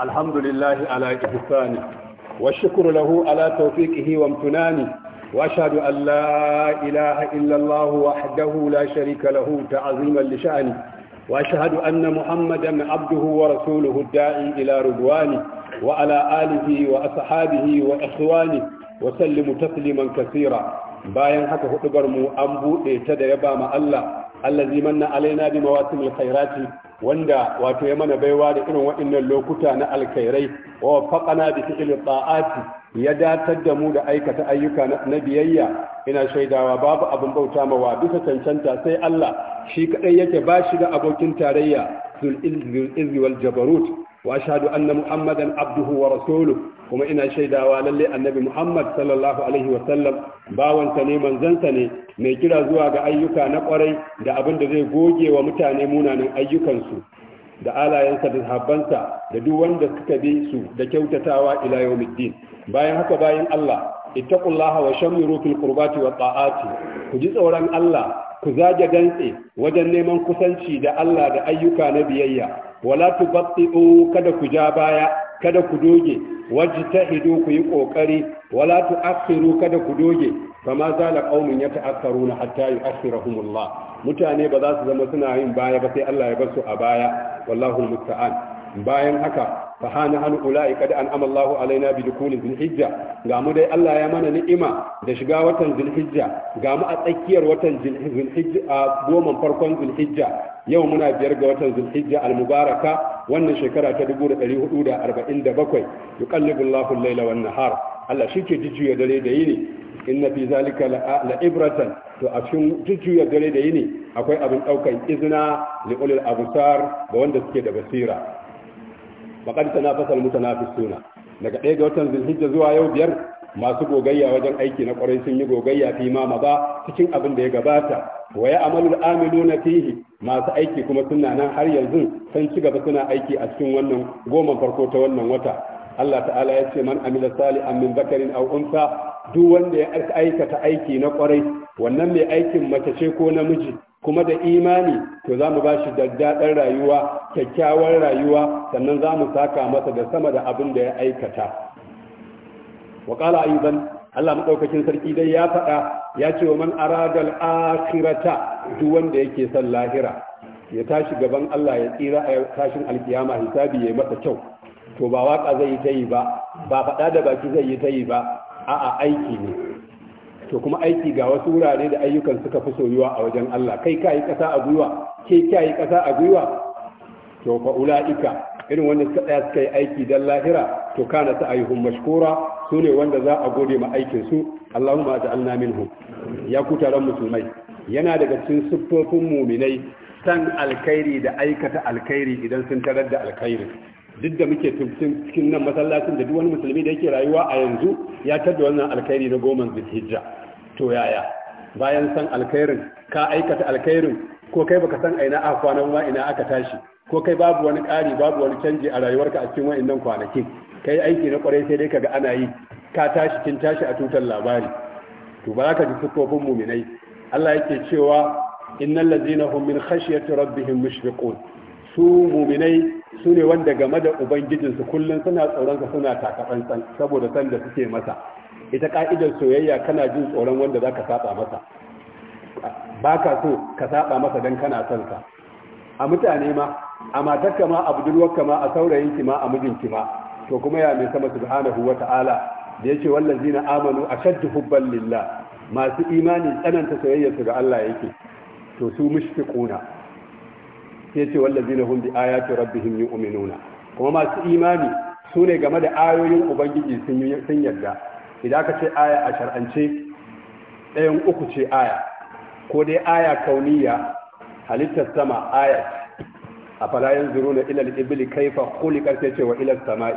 الحمد لله على إحسانه والشكر له على توفيقه وامتنانه وأشهد أن لا إله إلا الله وحده لا شريك له تعظيما لشأنه وأشهد أن محمدا عبده ورسوله الداعي إلى رضوانه وعلى آله وأصحابه وإخوانه وسلم تسليما كثيرا bayan haka hudubar mu an buɗe ta da yaba ma Allah allazi manna alaina bi mawasimil khairati wanda wato ya mana baiwa da irin waɗannan lokuta na alkhairai wa faqana bi fi'l ta'ati ya datar da mu da aikata ayyuka na biyayya ina shaidawa babu abin bauta ma wa bisa cancanta sai Allah shi kadai yake ba shi da abokin tarayya zul izzi wal jabarut wa ashhadu anna muhammadan abduhu wa rasuluhu kuma ina shaidawa lallai annabi Muhammad sallallahu alaihi wa sallam bawansa ne manzansa ne mai kira zuwa ga ayyuka na kwarai da abin da zai goge wa mutane munanan ayyukansu da alayensa da habbansa da duk wanda suka bi su da kyautatawa ila yawmiddin bayan haka bayan Allah ittaqullaha wa shamiru fil qurbati wa ta'ati ku ji tsoron Allah ku zage dantse wajen neman kusanci da Allah da ayyuka na biyayya wala tubatti'u kada ku ja baya kada ku doge wajtahidu ku yi kokari wala tu'akhiru kada ku doge kama zala qaumun yata'akkaruna hatta yu'akhirahumullah mutane ba za su zama suna yin baya ba sai Allah ya bar su a baya wallahu musta'an bayan haka fa hana an ulai kad an amallahu alaina bi dukulin zulhijja ga mu dai Allah ya mana ni'ima da shiga watan zulhijja ga mu a tsakiyar watan zulhijja a goman farkon zulhijja yau muna biyar ga watan zulhijja almubaraka wannan shekara ta 1447 yuqallibu Allahu al-laila wan nahar Allah shi ke dare da yini inna fi zalika la ibratan to a cikin jujjuya dare da yini akwai abin daukan izina li ulil absar ga wanda suke da basira na fi suna daga ɗaya ga watan zulhijja zuwa yau biyar masu gogayya wajen aiki na kwarai sun yi gogayya fi ma ba cikin abin da ya gabata wa ya amalu amiluna fihi masu aiki kuma suna nan har yanzu sun ci gaba suna aiki a cikin wannan goma farko ta wannan wata Allah ta'ala ya ce man amila salihan min bakarin aw unsa duk wanda ya aikata aiki na kwarai wannan mai aikin mace ce ko namiji kuma da imani to za mu ba shi daddaɗar rayuwa kyakkyawar rayuwa sannan za mu saka masa da sama da abin da ya aikata wa ƙala ayyuban allah maɗaukakin sarki dai ya faɗa ya ce wa man aradal akhirata duk wanda yake son lahira ya tashi gaban allah ya tsira a tashin alkiyama hisabi ya yi masa kyau to ba waka zai yi ta ba ba faɗa da baki zai yi tayi yi ba a'a aiki ne to kuma aiki ga wasu wurare da ayyukan suka fi soyuwa a wajen Allah kai yi ƙasa a gwiwa ke yi ƙasa a gwiwa to fa ula'ika irin wanda suka tsaya suka yi aiki dan lahira to kana ta ayyuhum mashkura su ne wanda za a gode ma aikin su Allahumma ja'alna minhum ya ku taron musulmai yana daga cikin siffofin muminai san alkhairi da aikata alkhairi idan sun tarar da alkhairi duk da muke tuntun cikin nan masallacin da duk wani musulmi da yake rayuwa a yanzu ya tar wannan alkhairi na goma zulhijja to yaya bayan san alkairin ka aikata alkhairin ko kai baka san aina a kwanan ba ina aka tashi ko kai babu wani ƙari babu wani canji a rayuwarka a cikin wa'annan kwanakin kai aiki na kwarai sai dai kaga ana yi ka tashi kin tashi a tutar labari to ba ka ji sufofin muminai Allah yake cewa innal ladzina hum min khashyati rabbihim mushfiqun su muminai su ne wanda game da ubangijinsu kullum suna tsoronsa suna takatsantsan saboda san da suke masa ita ka'idar soyayya kana jin tsoron wanda za ka saba masa ba ka so ka saba masa don kana son ka a mutane ma a matarka ma a budurwarka ma a saurayinki ma a mijinki ma to kuma ya mai sama subhanahu wa ta'ala da yake wallazi na amanu a shaddu hubban lillah masu imani tsananta soyayyarsu ga Allah yake to su mushfiquna Ya ce wallazi na hum bi ayati rabbihim yu'minuna kuma masu imani su ne game da ayoyin ubangiji sun yarda idan aka ce aya a shar'ance ɗayan uku ce aya ko dai aya kauniya halittar sama aya a falayen zuru na ilal ibili kaifa kuli karfe ce wa ilal sama'i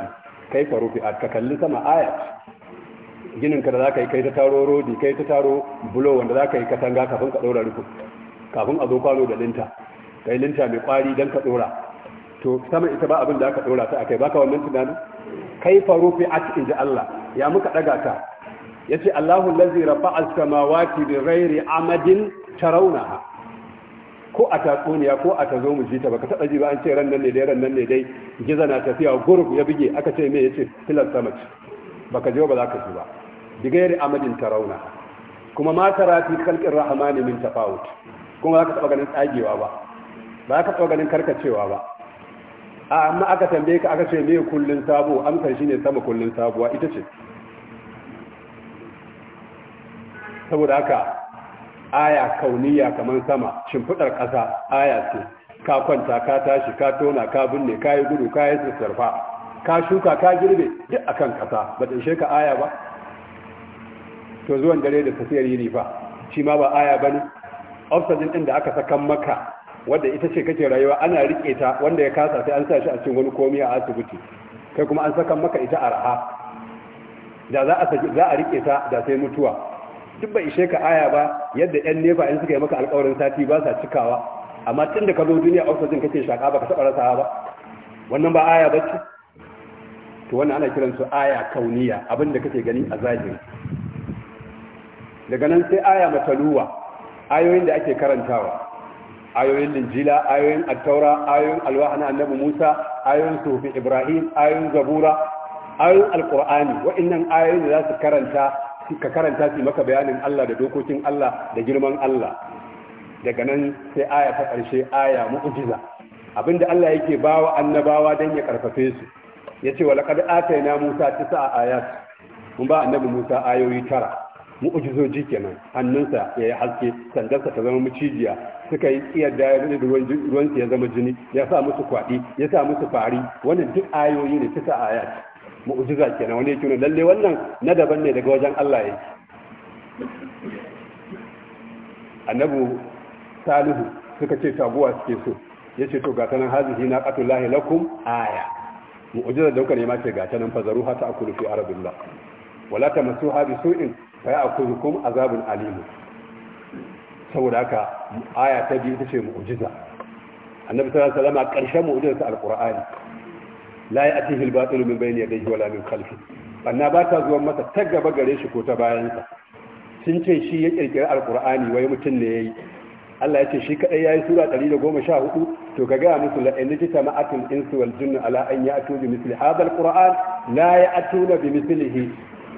kaifa rufi a ka kalli sama aya ginin ka da za ka yi kai ta taro rodi kai ta taro bulo wanda za ka yi katanga kafin ka ɗora rufin kafin a zo kwano da linta kai linta mai kwari don ka ɗora to sama ita ba abin da aka dora ta akai baka wannan tunanin kai faru fi at inji Allah ya muka daga ta yace Allahu allazi rafa'a as-samawati bi ghairi amadin tarawnaha ko a tatsuniya ko a tazo mu ji ta baka taba ji ba an ce ran nan ne dai ran nan ne dai giza na tafiya gurub ya bige aka ce me yace filan sama ce baka je ba za ka ji ba bi ghairi amadin tarawnaha kuma ma tara fi khalqir rahmani min tafawut kuma za ka taba ganin tsagewa ba ba ka taba ganin karkacewa ba a amma aka tambaye ka aka ce mai kullun sabo amsar shi ne sama kullun sabuwa ita ce saboda haka aya kauniya kamar sama shimfidar ƙasa aya ce ka kwanta ka tashi ka tona ka binne ka yi gudu ka yi sassarfa ka shuka ka girbe duk akan ƙasa ba ta ka aya ba to zuwan dare da tafiyar yini ba shi ma ba aya ba ne oxygen ɗin da aka sakan maka wadda ita ce kake rayuwa ana rike ta wanda ya kasa sai an sa shi a cikin wani komi a asibiti kai kuma an saka maka ita arha da za a za a rike ta da sai mutuwa duk bai ishe ka aya ba yadda yan nefa in suka yi maka alƙawarin sati ba sa cikawa amma tun ka zo duniya oxygen kake shaka ba ka taɓa rasawa ba wannan ba aya ba ce to wannan ana kiransu aya kauniya abinda kake gani a zahiri daga nan sai aya mataluwa ayoyin da ake karantawa ayoyin linjila ayoyin attaura ayoyin alwaha na annabi musa ayoyin sufi ibrahim ayoyin zabura ayoyin alkur'ani wa'annan ayoyin da za su karanta ka karanta su maka bayanin allah da dokokin allah da girman allah daga nan sai aya ta ƙarshe aya mu'jiza abinda allah yake bawa annabawa don ya karfafe su ya ce wa laƙad ataina musa tisa ayat mun ba annabi musa ayoyi tara mu'ujizoji kenan hannunsa ya yi haske sandarsa ta zama macijiya. suka yi iyadda ya da ruwan ya zama jini ya sa musu kwaɗi ya sa musu fari wannan duk ayoyi ne tisa ayat ke kenan wani yake lalle wannan na daban ne daga wajen Allah ya A annabu salihu suka ce taguwa suke so ya ce to gata nan hazihi na lahi lakum aya Mu'ujiza da kuka nema ce gata nan fazaru hata akulu fi arabillah wala tamassuha bi su'in fa ya'khudhukum azabun alim saboda haka aya ta biyu ta ce mu'ujiza annabi sallallahu alaihi wasallam karshen mu'ujizarsa alqur'ani la ya'tihi al-batil min bayni yadayhi wala min khalfihi banna ba ta zuwa masa ta gaba gare shi ko ta bayan sa sun ce shi ya kirkiri alqur'ani wai mutum ne yayi Allah ya ce shi kadai yayi sura 114 to ka ga musu la in jita ma'atul insu wal jinni ala an ya'tu bi misli hadha alqur'an la ya'tuna bi mislihi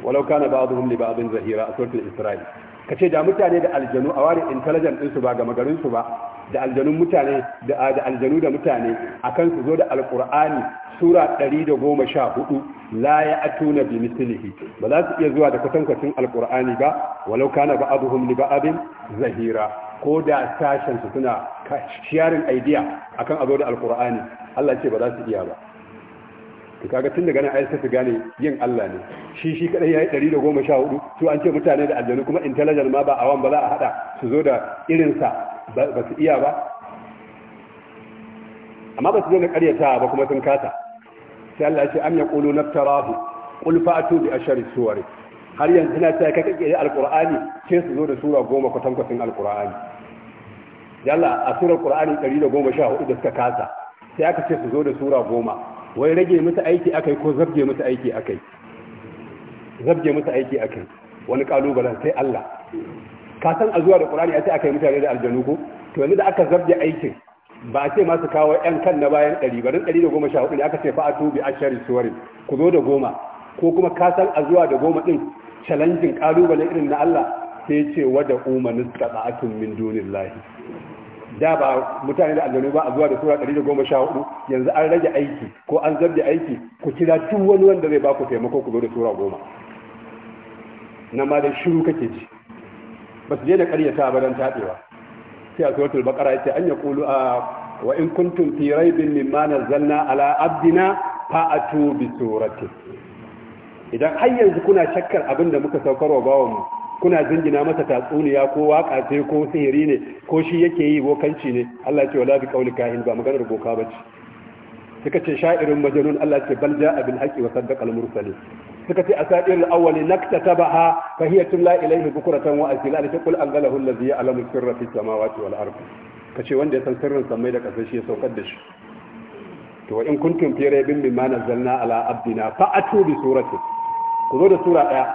walau kana ba'dhum li ba'dhin zahira suratul isra'il ka ce da mutane da aljanu a ware intelligent ɗinsu ba gama garinsu ba da aljanun mutane da aljanu da mutane a kan su zo da alkur'ani sura 114 la ya atuna bi mislihi ba za su iya zuwa da kwatankwacin alkur'ani ba walau kana ba abuhum li ba'abin zahira ko da sashen su suna sharing idea akan azo da alkur'ani Allah ce ba za su iya ba Ka kaga tun daga nan ayat sai su gane yin Allah ne shi shi kadai yayi 114 to an ce mutane da aljanu kuma intelligent ma ba awan ba za a hada su zo da irin sa ba su iya ba amma ba su zo na karyata ba kuma sun kasa sai Allah ya ce am yaqulu naftarahu qul fa'tu bi ashari suwari har yanzu na ka kake da alqur'ani sai su zo da sura goma ko kwatin alqur'ani yalla a sura alqur'ani 114 da suka kasa sai aka ce su zo da sura goma wai rage musu aiki akai ko zabge musu aiki akai zabge musu aiki akai wani kalubalen sai Allah ka san a zuwa da Qur'ani a ce akai mutane da aljanu ko to yanzu da aka zabge aikin ba a ce masu kawo yan kan na bayan ɗari barin ɗari da goma sha hudu ne aka ce fa'atu bi ashari suwarin ku zo da goma ko kuma ka san a zuwa da goma ɗin challenging kalubale irin na Allah sai ce wada umanis qata'atun min dunillahi da ba mutane da aljanu ba a zuwa da sura 114 yanzu an rage aiki ko an zabi aiki ku kira duk wani wanda zai baku taimako ku zo da sura goma nan ma shiru kake ji ba su je da karya ba don taɗewa sai a suratul baqara yace an kulu a wa in kuntum fi raibin mimma nazzalna ala abdina fa'atu bi idan har yanzu kuna shakkar abin da muka saukarwa wa mu kuna jingina masa tatsuniya ko waka ce ko sihiri ne ko shi yake yi bokanci ne Allah ya ce wala bi qauli kahin ba maganar boka bace suka ce sha'irin majnun Allah ce bal ja'a bil haqqi wa saddaqa al mursalin suka ce asadir al awwal naktatabaha fa hiya tulla ilayhi bukratan wa asila alaka qul anzalahu allazi ya'lamu sirra fis samawati wal ardi kace wanda ya san sirrin samai da kasai shi ya saukar da shi to in kuntum fi raybin mimma nazzalna ala abdina fa'atu bi surati ku zo da sura daya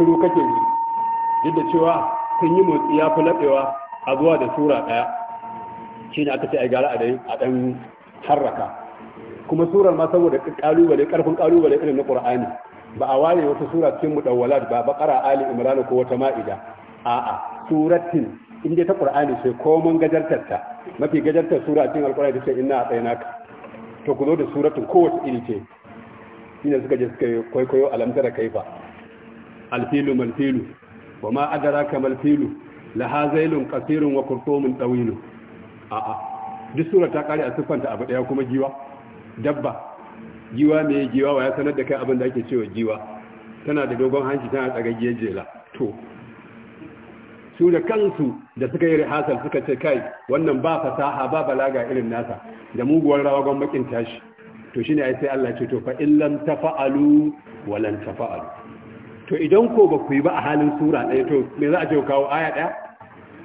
shiru kake ji duk da cewa kun yi motsi ya fi laɓewa a zuwa da sura ɗaya shi ne aka ce a gara a dai a ɗan harraka kuma surar ma saboda ƙalubale ƙarfin ƙalubale irin na ƙur'ani ba a ware wata sura cikin mudawwalat ba baƙara ali imran ko wata ma'ida a'a suratin in dai ta ƙur'ani sai komon gajartar ta mafi gajartar sura cikin alƙur'ani ta ce inna atainaka to ku zo da suratin kowace iri ce shine suka je suka kwaikwayo alamtar kaifa alfilu malfilu wa ma adaraka malfilu la hazailun qasirun wa qurtumun tawilu a a duk sura ta kare a sifanta abu daya kuma giwa dabba giwa me giwa wa ya sanar da kai abin da ake cewa giwa tana da dogon hanci tana tsagaggiyar jela to su da kansu da suka yi rihasal suka ce kai wannan ba fasaha ba balaga irin nasa da muguwar rawa gwamnatin tashi to shine ai sai Allah ce to fa in tafa'alu wa tafa'alu to idan ko ba ku yi ba a halin sura ɗaya to me za a ce kawo aya ɗaya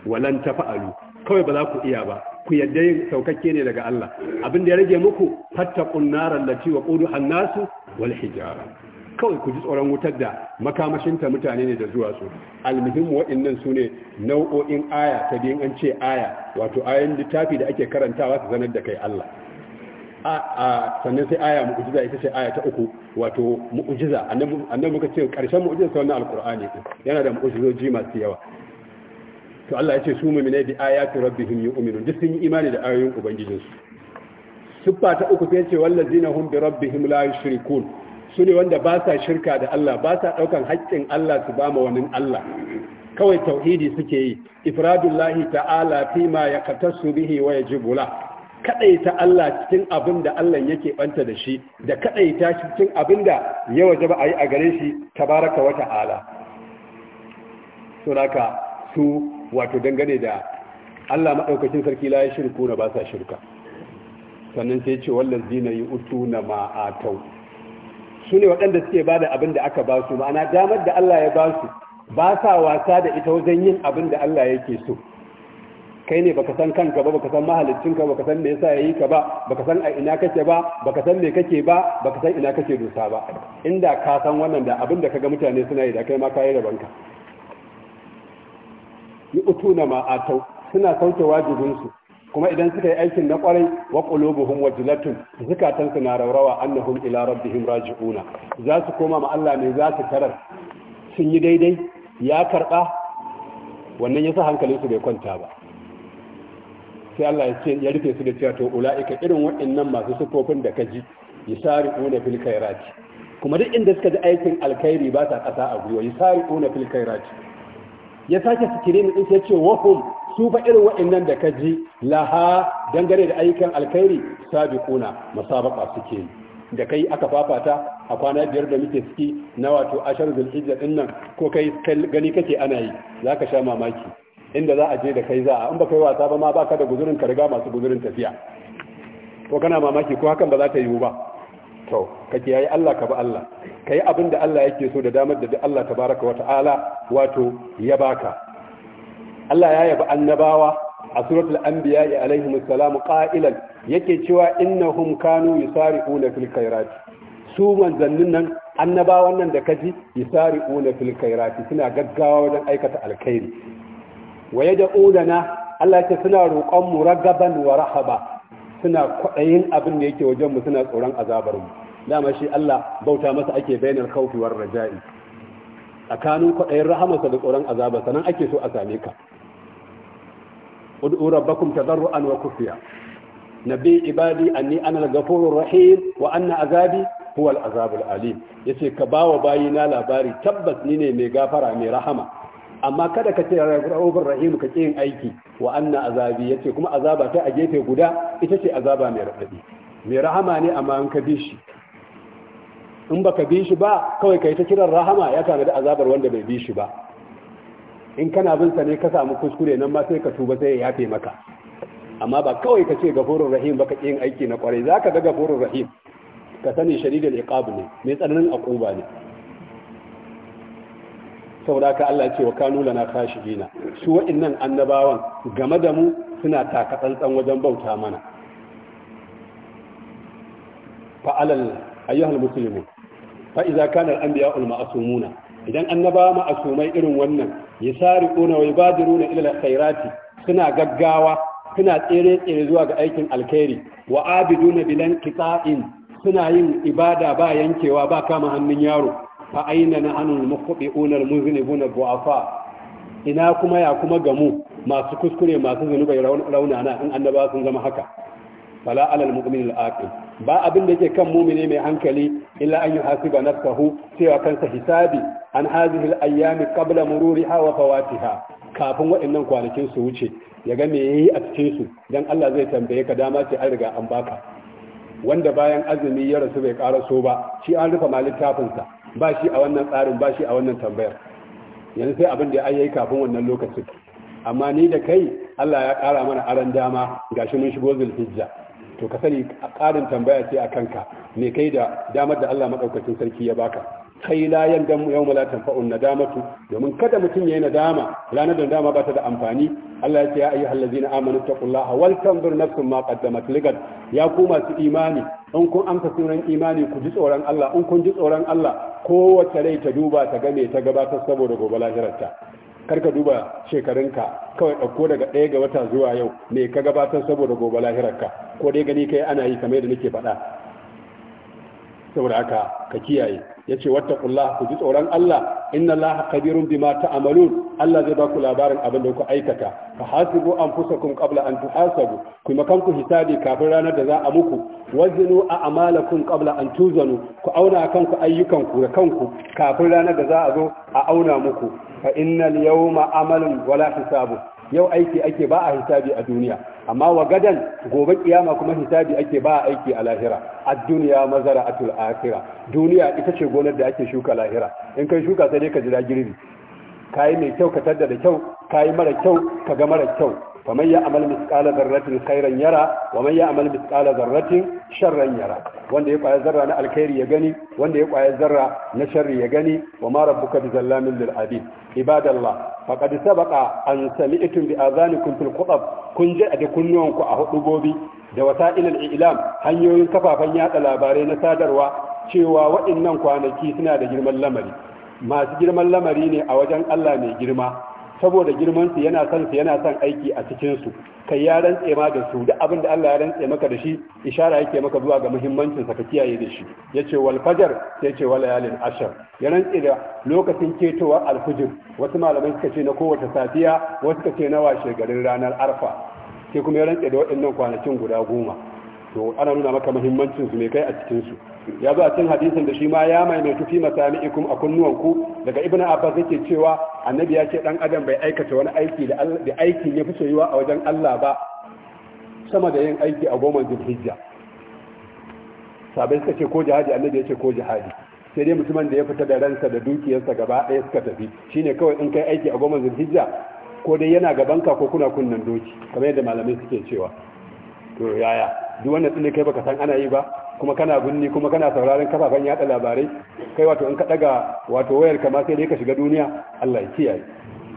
walan ta fa'alu kawai ba za ku iya ba ku yadda yin saukakke ne daga Allah abin da ya rage muku hatta naral lati wa quduha nasu wal hijara kawai ku ji tsoron wutar da makamashinta mutane ne da zuwa su almuhim waɗannan su ne nau'o'in aya ta biyan an ce aya wato ayan littafi da ake karantawa su zanar da kai Allah a sannan sai aya mu'ujiza. ita ce aya ta uku wato mu'ujiza. Annan muka ce karshen mu'ujiza ta wannan alqur'ani yana da mu'ujizoji masu yawa to Allah ya ce su mu'mina bi ayati rabbihim yu'minun duk sun yi imani da ayoyin ubangijinsu suffa ta uku sai ce wallazina hum bi rabbihim la yushrikun su ne wanda ba sa shirka da Allah ba sa ɗaukan haƙƙin Allah su ba ma wani Allah kawai tauhidi suke yi ifradullahi ta'ala fi ma ya bihi wa yajibu kadaita Allah cikin abin da Allah yake banta da shi da kadaita shi cikin abin da ya waje ba a yi a gare shi tabaraka wa ta'ala sunaka su wato dangane da Allah madaukakin sarki la ya shirku na ba sa shirka sannan sai ce utu na ma atau su ne waɗanda suke ba da abin da aka ba su ma'ana damar da Allah ya ba su ba sa wasa da ita wajen yin abin da Allah yake so kai ne baka san kanka ba baka san ka baka san me yasa yayi ka ba baka san a ina kake ba baka san me kake ba baka san ina kake dosa ba inda ka san wannan da abin da kaga mutane suna yi da kai ma kai da ka yi utuna ma atau suna sauke wajibin su kuma idan suka yi aikin na kwarai wa qulubuhum wajlatun zakatan suna raurawa annahum ila rabbihim raji'una za su koma ma Allah ne za su karar sun yi daidai ya karba wannan yasa hankalinsu bai kwanta ba sai Allah ya rufe su da cewa to ula'ika irin waɗannan masu sufofin da kaji yusari'una fil khairat kuma duk inda suka ji aikin alkhairi ba ta ƙasa a gwiwa yusari'una fil khairat ya sake fikire mu sai ce wahum su fa irin waɗannan da kaji laha dangare da ayyukan alkhairi sabiquna masabaka suke yi da kai aka fafata a kwana biyar da muke ciki na wato ashar zulhijja dinnan ko kai gani kake ana yi zaka sha mamaki inda za a je da kai za a in ba kai wasa ba ma ka da guzurin ka riga masu guzurin tafiya ko kana mamaki ko hakan ba za ta yiwu ba to ka yayi Allah ka ba Allah kai abin da Allah yake so da damar da Allah tabaraka wata'ala wato ya baka Allah ya yabi annabawa a suratul anbiya alaihi assalam qa'ilan yake cewa innahum kanu yusari'una fil khairat su manzannin nan annabawan nan da kaji yusari'una fil khairat suna gaggawa wajen aikata alkhairi wa yad'u lana Allah ya ce suna roƙon mu ragaban wa rahaba suna kwaɗayin abin da yake wajen suna tsoron azabar mu dama shi Allah bauta masa ake bainar kaufiwar war raja'i tsakanin kwaɗayin rahamarsa da tsoron azabar sanan ake so a same ka ud'u rabbakum tadarruan wa khufiya nabi ibadi anni ana al-ghafurur rahim wa anna azabi huwa al-azabul alim yace ka bawa bayina labari tabbas ni ne mai gafara mai rahama amma kada ka ce ra'ufur rahim ka yin aiki wa anna azabi yace kuma azaba ta a gefe guda ita ce azaba mai radadi mai rahama ne amma an ka bi shi in baka bi shi ba kawai kai ta kiran rahama ya tanadi da azabar wanda bai bi shi ba in kana bin sa ne ka samu kuskure nan ma sai ka tuba sai ya yafe maka amma ba kawai ka ce gafurur rahim baka yin aiki na kwarai zaka ga gafurur rahim ka sani shadidul iqab ne mai tsananin aquba ne saboda ka Allah ce wa kanu lana khashibina su wa'annan annabawan game da mu suna taka tsantsan wajen bauta mana fa alal ayyuhal muslimun fa idza kana al anbiya al ma'sumuna idan annaba ma'sumai irin wannan yasari'una wa yubadiruna ila al khairati suna gaggawa suna tsere tsere zuwa ga aikin alkhairi wa abiduna bilan qita'in suna yin ibada ba yankewa ba kama hannun yaro fa aina na anul muzini buna bu'afa ina kuma ya kuma gamu masu kuskure masu rauna raunana in annaba sun zama haka fala alal mu'min al-aqil ba abin da yake kan mu'mini mai hankali illa an yuhasiba nafsahu cewa kansa hisabi an hadhihi al-ayyam qabla mururiha wa fawatiha kafin waɗannan kwanakin su wuce ya ga me yayi a cikin su dan Allah zai tambaye ka dama ce an riga an baka wanda bayan azumi ya rasu bai karaso ba shi an rufe ma littafinsa ba shi a wannan tsarin ba shi a wannan tambayar yanzu sai abin da ya yi kafin wannan lokacin amma ni da kai Allah ya kara mana aran dama gashi mun shigo zulhijja to ka sani karin tambaya ce a kanka me kai da damar da Allah madaukakin sarki ya baka kai la yandam yawma la tanfa'u nadamatu domin kada mutum yayi nadama ranar nadama ba ta da amfani Allah ya ce ya ayyuhal ladina amanu taqullaha wal tanzur nafsum ma qaddamat ligad ya ku masu imani in kun amsa sunan imani ku ji tsoron Allah in kun ji tsoron Allah kowace rai ta duba ta game ta gabatar saboda gobe lahirarta karka duba shekarunka kawai ɗauko daga ɗaya ga wata zuwa yau me ka gabatar saboda gobe lahirarka ko dai gani kai ana yi kamar da nake faɗa saboda haka ka kiyaye yace wattaqullah ku ji tsoron Allah inna Allah kabirun bima ta'malun Allah zai baku labarin abin da ku aikata fa hasibu anfusakum qabla an tuhasabu ku makan ku hisabi kafin ranar da za a muku wazinu a'malakum qabla an tuzanu ku auna kanku ayyukan ku da kanku kafin ranar da za a zo a auna muku fa innal yawma amalun wala hisabu yau aiki ake ba a hisabi a duniya amma wa gadan gobe kiyama kuma hisabi ake ba a aiki a lahira ad-dunya mazara'atul akhirah duniya ita ce gonar da ake shuka lahira in kai shuka sai ne ka jira girbi kayi mai kyau ka tadda da kyau kayi mara kyau ka ga mara kyau ومن يعمل مثقال ذرة خيرا يرى ومن يعمل مثقال ذرة شرا يرى wanda ya kwaya zarra na alkhairi ya gani wanda ya kwaya zarra na sharri ya gani wa ma rabbuka bi zallamin lil abid ibadallah faqad sabaqa an sami'tum bi azanikum fil qutab kun ji da kunnuwanku a hudu gobi da wasa'il al ilam hanyoyin kafafen yatsa labarai na sadarwa cewa waɗannan kwanaki suna da girman lamari masu girman lamari ne a wajen Allah mai girma saboda girmansu yana son su yana son aiki a cikin su kai ya rantse ma da su da abin da Allah ya rantse maka da shi ishara yake maka zuwa ga muhimmancin sa ka kiyaye da shi yace wal fajar sai yace wal layalin ashar ya rantse da lokacin ketowar alfujir wasu malamai suka ce na kowace safiya wasu suka ce na washe garin ranar arfa sai kuma ya rantse da waɗannan kwanakin guda goma to ana nuna maka muhimmancin su me kai a cikin su ya zo a cikin hadisin da shi ma ya maimaitu fi masami'ikum a kunnuwanku daga ibn abbas yake cewa annabi ya ce dan adam bai aikata wani aiki da da aikin ya fi soyuwa a wajen Allah ba sama da yin aiki a goma zulhijja sabai suka ce ko jihadi annabi ya ce ko jihadi sai dai mutumin da ya fita da ransa da dukiyarsa gaba ɗaya suka tafi shine kawai in kai aiki a goma zulhijja ko dai yana gabanka ko kuna kunnan doki kamar yadda malamai suke cewa to yaya duk wannan tsini kai baka san ana yi ba kuma kana gunni kuma kana sauraron kafafen yada labarai kai wato in ka daga wato wayar kama sai dai ka shiga duniya Allah ya kiyaye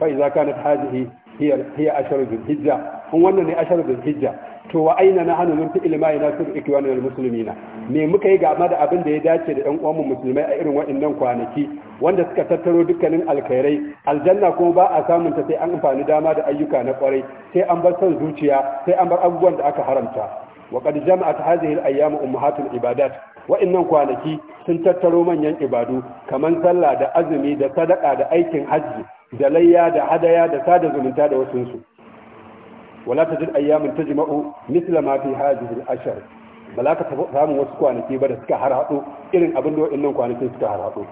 fa iza kanat hadhihi hiya hiya asharu dhul hijja kun wannan ne asharu dhul hijja to wa aina na hanu fi fi'il ma yanasib ikwana al muslimina me muka yi ga amma da abin da ya dace da ɗan mu musulmai a irin waɗannan kwanaki wanda suka tattaro dukkanin alkhairai aljanna kuma ba a samun ta sai an amfani dama da ayyuka na kwarai sai an bar son zuciya sai an bar abubuwan da aka haramta wa qad jama'at hadhihi al-ayyam ummahatul ibadat wa'annan kwanaki sun tattaro manyan ibadu kaman sallah da azumi da sadaka da aikin hajji da layya da hadaya da sada zumunta da su wala tajid ayyamin tajma'u mithla ma fi hadhihi al-ashr ba za samu wasu kwanaki ba da suka harhado irin abin da waɗannan kwanaki suka harhado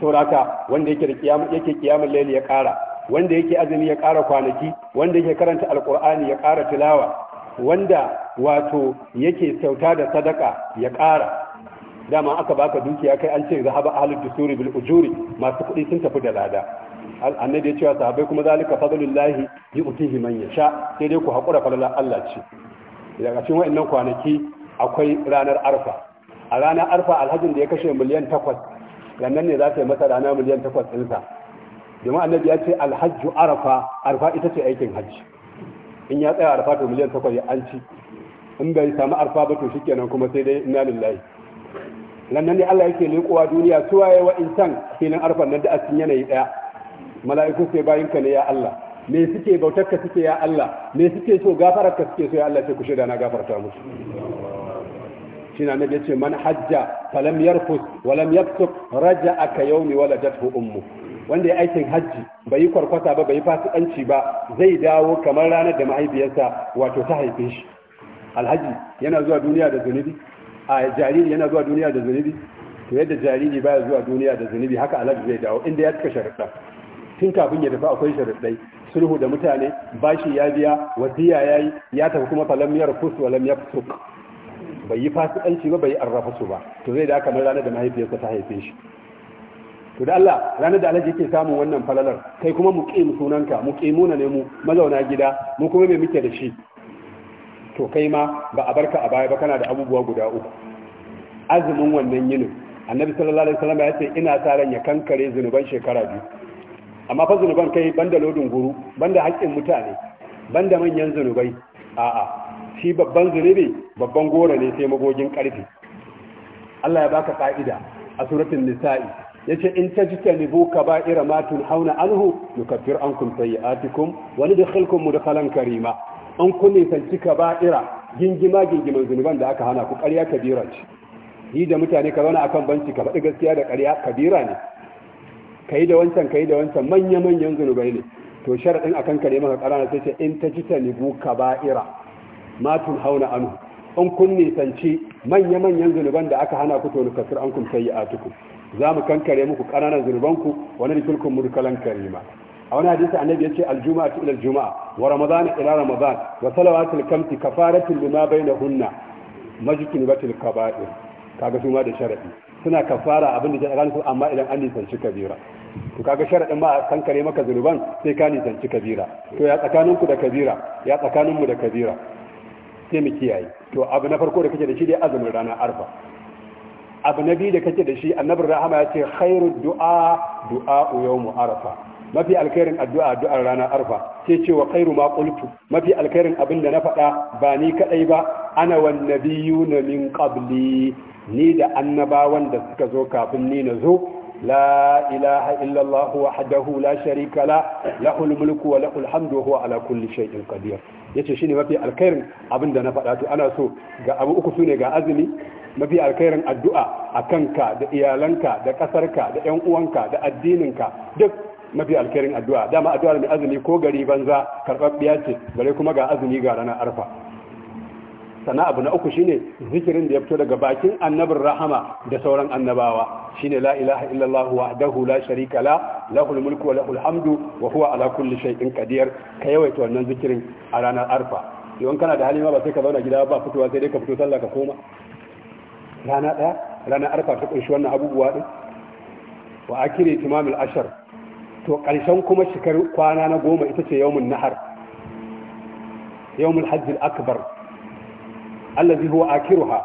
sauraka wanda yake yake kiyamun ya kara wanda yake azumi ya kara kwanaki wanda yake karanta alƙur'ani ya kara tilawa wanda wato yake sauta da sadaka ya ƙara dama aka baka dukiya kai an ce za zahaba ahlud dusuri bil ujuri masu kuɗi sun tafi da lada annabi ya cewa sahabbai kuma zalika fadlullahi yu'tihi man sha, sai dai ku hakura falalar Allah ce daga cikin wa'annan kwanaki akwai ranar arfa a ranar arfa alhajin da ya kashe miliyan 8 rannan ne za ta yi masa rana miliyan takwas ɗinsa domin annabi ya ce alhajju arfa arfa ita ce aikin hajji in ya tsaya arfa to miliyan takwas ya an ci in bai samu arfa ba to shikenan kuma sai dai inna lillahi lannan ne Allah yake lekowa duniya suwaye wa insan filin arfan nan da asin yanayi daya mala'iku sai bayinka ne ya Allah me suke ka suke ya Allah me suke so ka suke so ya Allah sai ku shaida na gafarta musu nabi ya ce man hajja falam yarfus walam yafsuk aka ka yawmi waladatu umu. wanda ya aikin hajji bai yi kwarkwata ba bai yi fasikanci ba zai dawo kamar ranar da mahaifiyarsa wato ta haife shi alhaji yana zuwa duniya da zunubi a jariri yana zuwa duniya da zunubi to yadda jariri baya zuwa duniya da zunubi haka alhaji zai dawo inda ya cika sharuɗa tun kafin ya tafi akwai sharuɗai sulhu da mutane bashi ya biya wasiya ya yi ya tafi kuma falam yarfus walam yafsuk bai yi fasikanci ba bai yi arrafa su ba to zai da kamar ranar da mahaifiyarsa ta haife shi to da Allah ranar da alhaji yake samun wannan falalar kai kuma mu muqim sunanka mu muqimuna ne mu mazauna gida mu kuma mai muke da shi to kai ma ba a barka a baya ba kana da abubuwa guda uku azumin wannan yinin annabi sallallahu alaihi wasallam ya ce ina sa ran ya kankare zunuban shekara biyu amma fa zunuban kai banda lodin guru banda haƙƙin mutane banda manyan zunubai a'a shi babban zunubi babban gora ne sai magogin ƙarfi Allah ya baka ka'ida a suratul nisa'i yace in ta ba ira matun hauna anhu yukaffir ankum sayi'atikum wa da mudkhalan karima an kun nisanci ira, gingima gingiman zunuban da aka hana ku ƙarya kabira ce yi da mutane ka zauna akan banci ka faɗi gaskiya da ƙarya kabira ne kai da wancan kai da wancan manya manyan zunubai ne to sharadin akan kare maka ƙarana sai ce in ta ba ira, matun hauna anhu an kun nisanci manya manyan zunuban da aka hana ku to nukaffir ankum sayi'atikum za mu kankare muku ƙananan zunubanku wani rikilkun murkalan karima a wani hadisi annabi ce aljuma'a ila aljuma'a wa ramadan ila ramadan wa salawatul kamti kafaratun lima bainahunna majtunibatul kaba'ir kaga su ma da sharadi suna kafara abin da tsakanin su amma idan an nisanci kabira to kaga sharadin ba a kankare maka zunuban sai ka nisanci kabira to ya ku da kabira ya tsakaninmu da kabira sai mu kiyaye to abu na farko da kake da shi dai azumin rana arfa abu na biyu da kake da shi annabi rahama ya ce khairu du'a du'a yawmu arafa mafi alkhairin addu'a addu'ar rana arfa sai ce wa khairu ma qultu mafi alkhairin abin da na faɗa ba ni kadai ba ana wan nabiyuna min qabli ni da annabawan da suka zo kafin ni na zo la لا إله wahdahu la sharika la lahul mulku wa lahul hamdu wa huwa ala kulli shay'in qadir yace shine mafi alkhairin abin da na faɗa to ana so ga abu uku sune ga azumi mafi alkairin addu'a a kanka da iyalanka da ƙasarka da ƴan uwanka da addininka duk mafi alkairin addu'a dama addu'a mai azumi ko gari banza karɓaɓɓiya ce gare kuma ga azumi ga ranar arfa sana abu na uku shine zikirin da ya fito daga bakin annabin rahama da sauran annabawa shine la ilaha illallah wahdahu la sharika la lahul mulku wa lahul hamdu wa huwa ala kulli shay'in qadir ka yawaita wannan zikirin a ranar arfa yawan kana da halima ba sai ka zauna gida ba fitowa sai dai ka fito sallah ka koma rana ɗaya rana arfa ta kunshi wannan abubuwa ɗin wa akire timamul ashar to ƙarshen kuma shekar kwana na goma ita ce yawmun nahar yawmul hajj akbar allazi huwa akiruha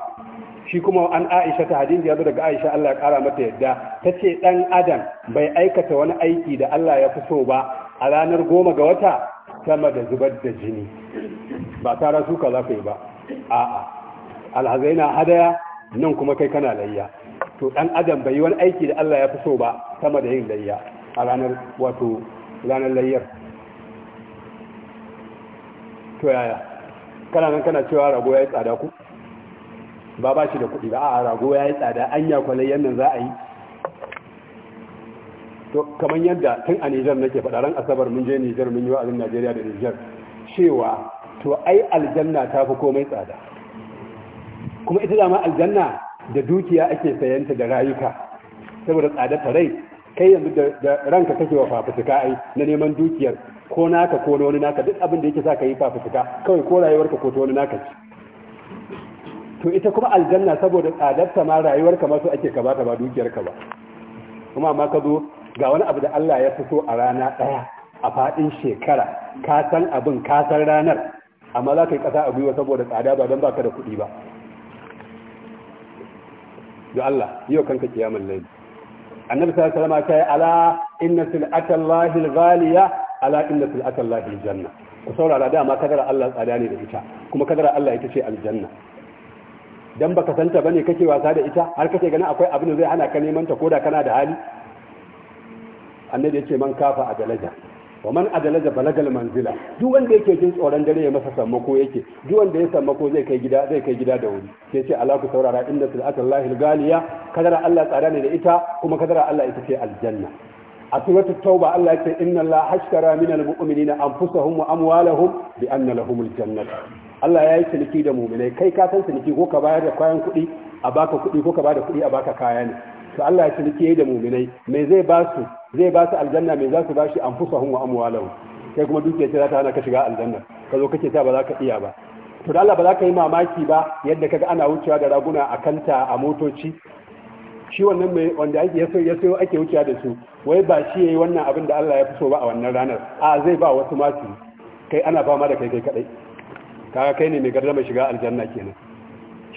shi kuma an Aisha ta hadin ya zo daga Aisha Allah ya kara mata yadda ta ce ɗan adam bai aikata wani aiki da Allah ya fi so ba a ranar goma ga wata sama da zubar da jini ba tara suka za ka yi ba a'a Alhazai na hadaya nan kuma kai kana layya to dan adam bai wani aiki da Allah ya fi so ba sama da yin layya a ranar wato ranar layyar to yaya kana nan kana cewa rago ya yi tsada ku ba ba shi da kuɗi ba a rago ya yi tsada an ya kwalayyar nan za a yi to kamar yadda tun a Nijar nake faɗa ran asabar mun je Nijar mun yi wa'azin Najeriya da Nijar cewa to ai aljanna ta fi komai tsada kuma ita dama aljanna da dukiya ake sayanta da rayuka saboda tsada ta rai kai yanzu da ranka kake wa fafutuka ai na neman dukiyar ko naka ko na wani naka duk abin da yake sa ka yi fafutuka kawai ko rayuwarka ko ta wani naka to ita kuma aljanna saboda tsadarta ma rayuwarka ma so ake ka ta ba dukiyarka ba kuma amma ka zo ga wani abu da Allah ya fito a rana ɗaya a faɗin shekara ka san abin ka san ranar amma za ka yi kasa a gwiwa saboda tsada ba don baka da kuɗi ba da Allah yau kanka kiyamar laili annabi sallallahu alaihi wasallam ta yi ala inna silatallahi al ala inna silatallahi janna ku saurara dama kadara Allah tsada ne da ita kuma kadara Allah ita ce aljanna dan baka santa bane kake wasa da ita har kake ganin akwai abin da zai hana ka neman ta koda kana da hali annabi ya ce man kafa a daraja. wa man adala da balagal manzila duk wanda yake jin tsoron dare ya masa sammako yake duk wanda ya sammako zai kai gida zai kai gida da wuri sai ce ala ku saurara inna silatallahi algaliya kadara Allah tsada ne da ita kuma kadara Allah ita ce aljanna a suratul tauba Allah yake inna la hashkara min mu'minina anfusahum wa amwalahum bi anna lahumul jannata Allah ya yi ciniki da mu'minai kai ka san ciniki ko ka bayar da kayan kuɗi a baka kuɗi ko ka bayar da kuɗi a baka kaya ne to Allah ya ciniki yayi da mu'minai me zai ba su zai ba su aljanna me za su ba shi anfusahum wa amwalahum kai kuma duk ta za ta hana ka shiga aljanna ka zo kake ta ba za ka iya ba to da Allah ba za ka yi mamaki ba yadda kaga ana wucewa da raguna a kanta a motoci shi wannan mai wanda ake yaso yaso ake wucewa da su wai ba shi yayi wannan abin da Allah ya fi so ba a wannan ranar a zai ba wasu masu kai ana fama da kai kai kadai kaga kai ne mai gardama mai shiga aljanna kenan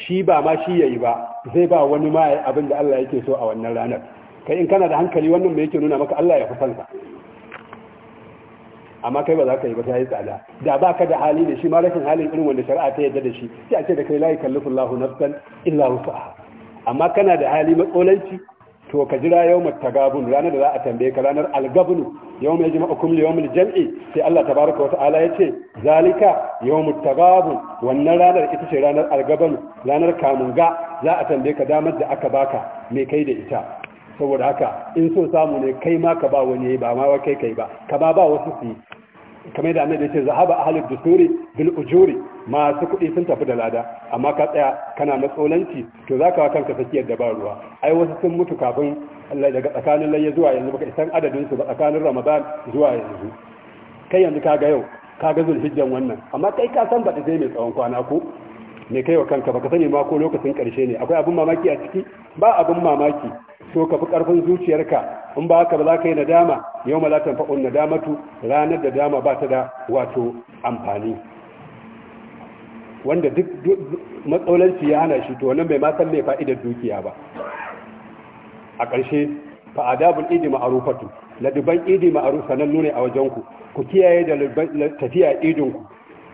shi ba ma shi ya yi ba zai ba wani ma abin da Allah yake so a wannan ranar kai in kana da hankali wannan mai yake nuna maka Allah ya fi sansa amma kai ba za ka yi ba ta yi tsada da ba ka da hali da shi ma rashin halin irin wanda shari'a ta yadda da shi sai a ce da kai layi kallifin lahu nafsan illa wasu amma kana da hali matsolanci to ka jira yau ranar da za a tambaye ka ranar algabnu yau mai jima'a kuma yau mai jam'i sai Allah tabaraka wa ta'ala ya ce zalika yau mu wannan ranar ita ce ranar algabnu ranar kamunga za a tambaye ka damar da aka baka mai kai da ita saboda haka in so samu ne kai ma ka ba wani ba ma wa kai kai ba ka ba ba wasu su kamar da annabi ya ce zahaba ahlud dusuri bil ujuri masu kuɗi sun tafi da lada amma ka tsaya kana matsolanci to za ka kanka tsakiyar da ba ruwa ai wasu sun mutu kafin daga tsakanin layya zuwa yanzu baka isan adadin su ba tsakanin ramadan zuwa yanzu kai yanzu ka ga yau ka ga zulhijjan wannan amma kai ka san baɗi zai mai tsawon kwana ko me kai wa kanka baka sani ma ko lokacin ƙarshe ne akwai abin mamaki a ciki ba abin mamaki so ka fi ƙarfin zuciyarka in ba haka ba za ka yi nadama yau malatan fa'un nadamatu ranar da dama ba ta da wato amfani wanda duk matsalanci ya hana shi to wannan bai ma san mai fa'idar dukiya ba a ƙarshe fa adabul idi ma'rufatu laduban idi ma'ruf sanan nune a wajen ku ku kiyaye da tafiya idin ku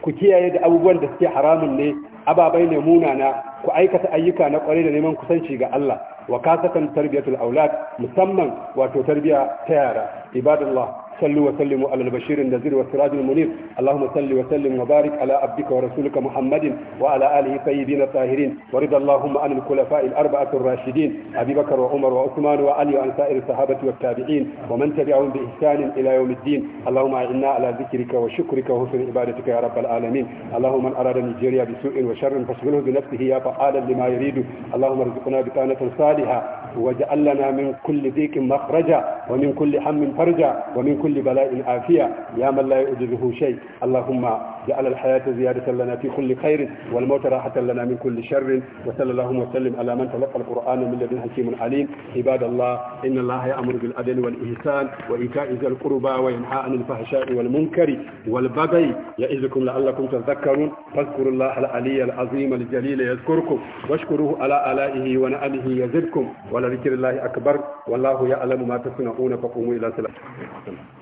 ku kiyaye da abubuwan da suke haramun ne ababai ne munana ku aikata ayyuka na kwarai da neman kusanci ga Allah wa kasatan tarbiyatul aulad musamman wato tarbiya ta yara ibadallah صلوا وسلموا على البشير النذير والسراج المنير اللهم صل وسلم وبارك على عبدك ورسولك محمد وعلى اله الطيبين الطاهرين ورضى اللهم عن الخلفاء الاربعه الراشدين ابي بكر وعمر وعثمان وعلي وعن سائر الصحابه والتابعين ومن تبعهم باحسان الى يوم الدين اللهم اعنا على ذكرك وشكرك وحسن عبادتك يا رب العالمين اللهم من اراد نيجيريا بسوء وشر فاشغله بنفسه يا فعالا لما يريد اللهم ارزقنا بطانه صالحه واجعل لنا من كل ذيك مخرجا ومن كل هم فرجا ومن كل كل بلاء عافية يا من لا يؤذره شيء اللهم جعل الحياة زيادة لنا في كل خير والموت راحة لنا من كل شر وصلى اللهم وسلم على من تلقى القرآن من لدن حكيم عليم عباد الله إن الله يأمر بالعدل والإحسان وإيتاء ذي القربى وينهى عن الفحشاء والمنكر والبغي يعظكم لعلكم تذكرون فاذكروا الله العلي العظيم الجليل يذكركم واشكروه على آلائه ونعمه يزدكم ولذكر الله أكبر والله يعلم ما تصنعون فقوموا إلى you.